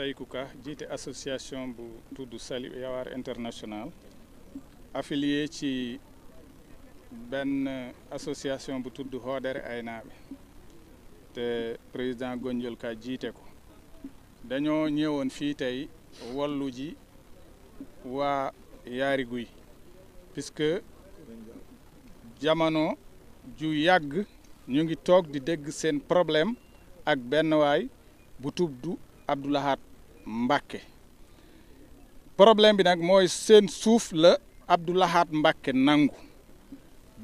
Saykouka jiite association bu tudd Sali Yawaar International affilié ci benn association bu tudd Hoodere Aynaaɓe te président Gonjol Ka jiite ko dañoo ñëwoon fii tey wallu ji waa Yaari Guy puisque jamono ju yàgg ñu ngi toog di dégg seen problème ak benn waay bu tudd Abdoulahat Mbàkke problème bi nag mooy seen suuf la Abdou Lahad Mbàkke nangu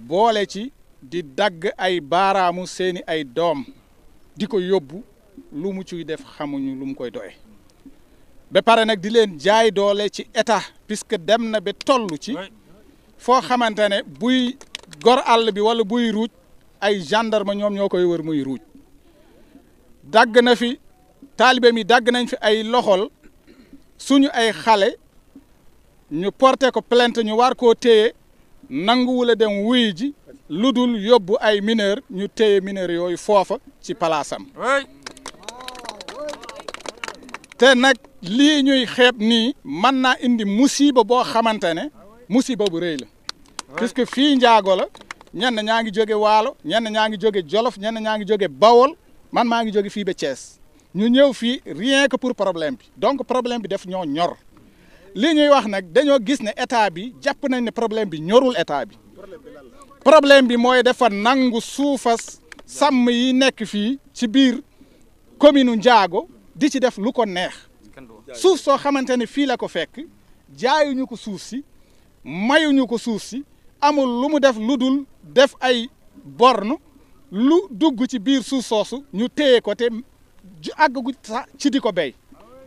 boole ci di dagg ay baaraamu seeni ay doom di ko yóbbu lu mu ciy def xamuñu lu mu koy doye ba pare nag di leen jaay doole ci état puisque dem na ba toll ci foo xamante ne buy gor àll bi wala buy ruuj ay gendarme ñoom ñoo koy wër muy ruuj dagg na fi taalibe mi dàgg nañ fi ay loxol suñu ay xale ñu porté ko plainte ñu war koo téye nanguwula dem wuy ji lu dul yóbbu ay mineur ñu téye mineur yooyu foofa ci palaasam te nag lii ñuy xeeb ni mën naa indi musiba boo xamante ne musiba bu rëy la puisque fii njaago la ñenn ñaa ngi jóge waalo ñenn ñaa ngi jóge jolof ñenn ñaa ngi jóge bawol man maa ngi jóge fii ba Thiès ñu ñëw fii rien que pour problème bi donc problème bi def ñoo ñor li ñuy wax nag dañoo gis ne état bi jàpp nañ ne problème bi ñorul état bi problème bi mooy dafa nangu suufa sàmm yi nekk fii ci biir commune njaago di ci def lu ko neex suuf soo xamante ne fii la ko fekk jaayuñu ko suuf si mayuñu ko suuf si amul lu mu def lu dul def ay borne lu dugg ci biir suuf soosu ñu téye ko te àggagu sax ci di ko béy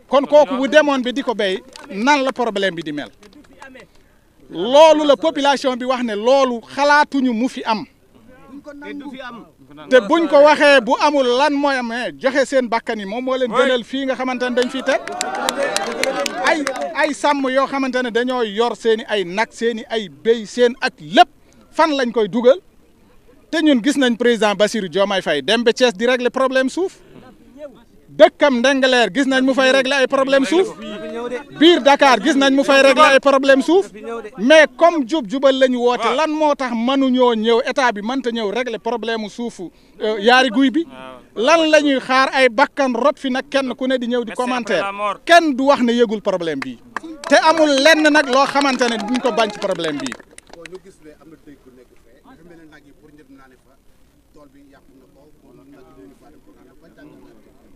kon kooku bu demoon bi di ko béy nan la problème bi di mel loolu la population bi wax ne loolu xalaatuñu mu fi am te buñ ko waxee bu amul lan mooy amee eh, joxe seen bakkan yi moom moo leen gënal fii nga xamante ne dañ fi teg ay ay sàmm yoo xamante ne dañoo yor seeni ay nag seeni ay béy seen ak lépp fan lañ koy dugal te ñun gis nañ président Bassirou Diomaye Faye dem ba Thiès di régler problème suuf dëkkam Ndengaleer gis nañ mu fay régler ay problème suuf biir dakaar gis nañ mu fay régler ay problème suuf mais comme jub jubal la ñu woote lan moo tax mënuñoo ñëw état bi mënta ñëw régler problème suufu euh, yaari guy bi lan la ñuy xaar ay bakkan rot fi nag kenn ku ne di ñëw di commentaire kenn du wax ne yëgul problème bi te amul lenn nag loo xamante ne duñ ko bañ ci problème bi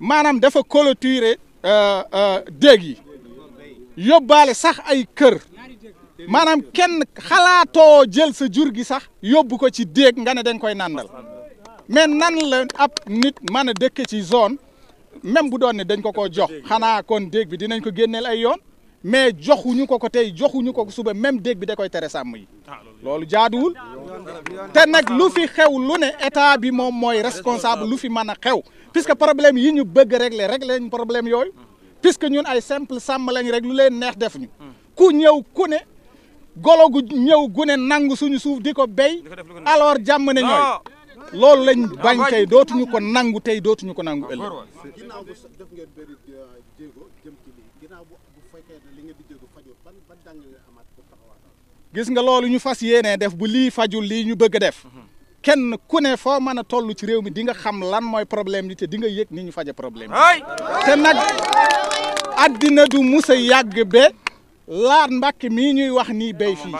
maanaam dafa clôturer euh, euh, déeg yi yóbbaale sax ay kër maanaam kenn xalaatoo jël sa jur gi sax yóbbu ko ci déeg nga ne da koy nandal mais nan la ab nit mën a dëkk ci zone même bu doon ne dañ ko ko jox xanaa kon déeg bi dinañ ko génneel ay yoon mais joxuñu ko ko tey joxuñu ko ko suba même déeg bi da koy tere sàmm yi loolu jaaduwul te nag lu fi xew lu ne état bi moom mooy responsable lu fi mën a xew que problème yi ñu bëgg régler rek ñu problème yooyu que ñun ay simple sàmm lañ rek lu leen neex def ñu ku ñëw ku ne golo gu ñëw gu ne nangu suñu suuf di ko béy alors jàmm ne ñooy loolu lañ bañ tey dootuñu ko nangu tey dootuñu ko nangu ëllëg euh, gis nga loolu ñu fas yéenee def bu lii fajul lii ñu bëgg def mm-hmm. kenn ku ne foo mën a toll ci réew mi di nga xam lan mooy problème yi te di yëg ni ñu faje problème yi te nag addina du mus a yàgg be laat mbàkk mii ñuy wax nii béy fii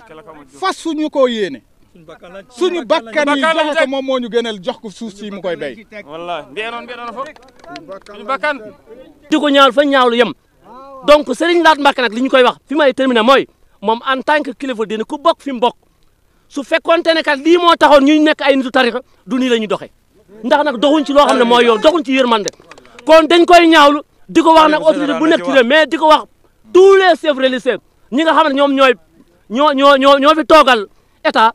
su ñu koo yéene suñu bakkan yi jox moom moo ñu gënal jox ko suuf si mu koy béy wallaahi mbiyeenoon mbiyeenoon foofu suñu di ko ñaawlu fa ñaawlu yem donc Serigne Laat Mbàkke nag li ñu koy wax fi may terminer mooy moom en tant que kilifa dina ku bokk fi mu bokk su fekkoonte ne kat lii moo taxoon ñuy nekk ay nitu tarixa du nii la ñuy doxee ndax nag doxuñ ci loo xam ne mooy yoon doxuñ ci yërmande kon dañ koy ñaawlu di ko wax nag autorité bu nekk ci réew mais di ko wax tous les chefs religieux ñi nga xam ne ñoom ñooy ñoo ñoo ñoo ñoo fi toogal état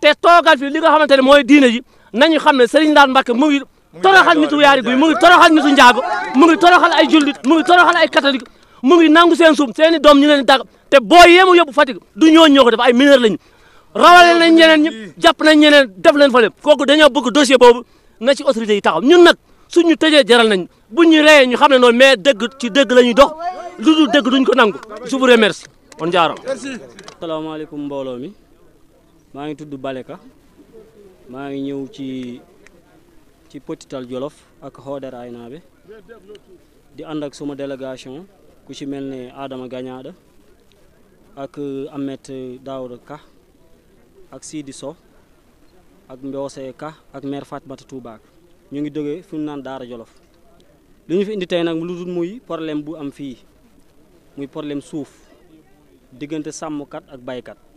te toogal fi li nga xamante ne mooy diine ji nañu xam ne Serigne Ndane Mbacke mu ngi toroxal nitu yaari guy mu ngi toroxal nitu njaago mu ngi toroxal ay jullit mu ngi toroxal ay catholique mu ngi nangu seen suum seeni i doom ñu leen di te boo yéemu yóbbu Fatick du ñooñu ñoo ko def ay mineur lañu rawale nañ ñeneen ñëpp jàpp nañ ñeneen def leen fa lépp kooku dañoo bëgg dossier boobu na ci autorité yi taxaw ñun nag suñu tëjee jaral nañ buñ ñu reyee ñu xam ne noonu mais dëgg ci dëgg la ñuy dox lu dul dëgg duñ ko nangu je vous remercie on jaaram asalaamaaleykum mbooloo mi maa ngi tudd Baleka maa ngi ñëw ci ci Potital Jolof ak Hoodar Aynaabe di ànd ak suma délégation ku ci mel ne Adama Gañaada ak Ahmed Daouda Ka ak Sidi So ak Mboose Ka ak mère Fatmata Touba ñu ngi jógee fu ñu naan Daara Jolof li ñu fi indi tey nag lu dul muy problème bu am fii muy problème suuf diggante sàmmkat ak baykat